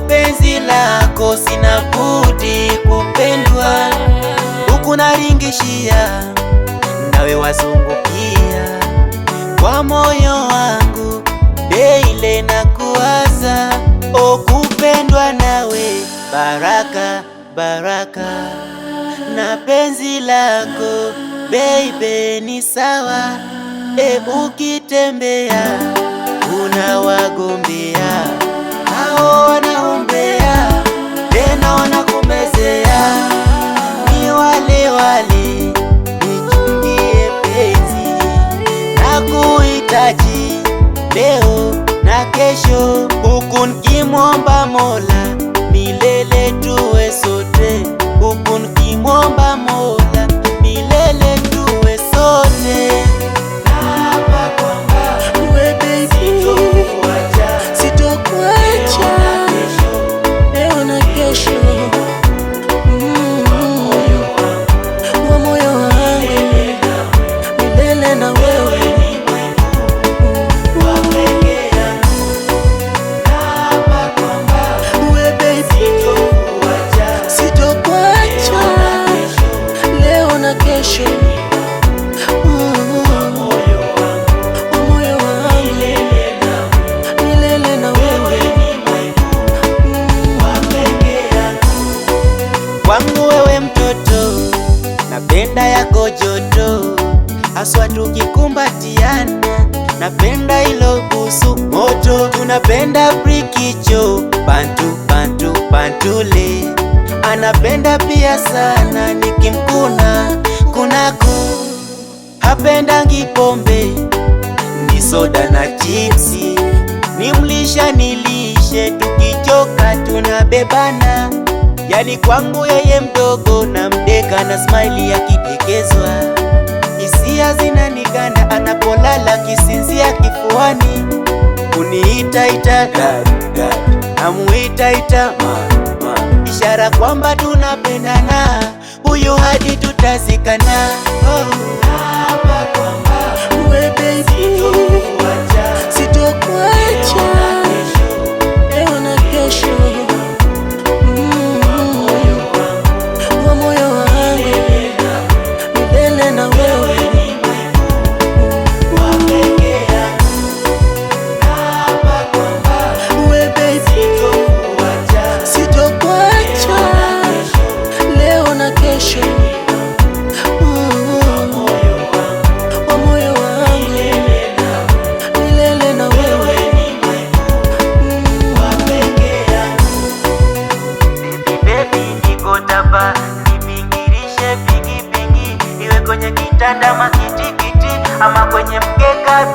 penzi lako sina budi kupendwa, huku naringishia nawe wazungukia kwa moyo wangu deile na kuwaza okupendwa nawe baraka baraka na penzi lako beibe ni sawa e ukitembea una kesho, ukuniomba Mola aswa tukikumbatiana, napenda ilo busu moto, tunapenda prikicho bantu bantu bantule, anapenda pia sana nikimkuna kunaku, hapenda ngipombe ni soda na chipsi, nimlisha nilishe, tukichoka tunabebana, yani kwangu yeye mdogo na mdeka na smile ya kidekezwa hisia zinaniganda, anapolala kisinzia kifuani, kuniita ita namuita ita mama, ishara kwamba tunapendana, huyu hadi tutazikana oh. kitanda makitikiti ama kwenye mkeka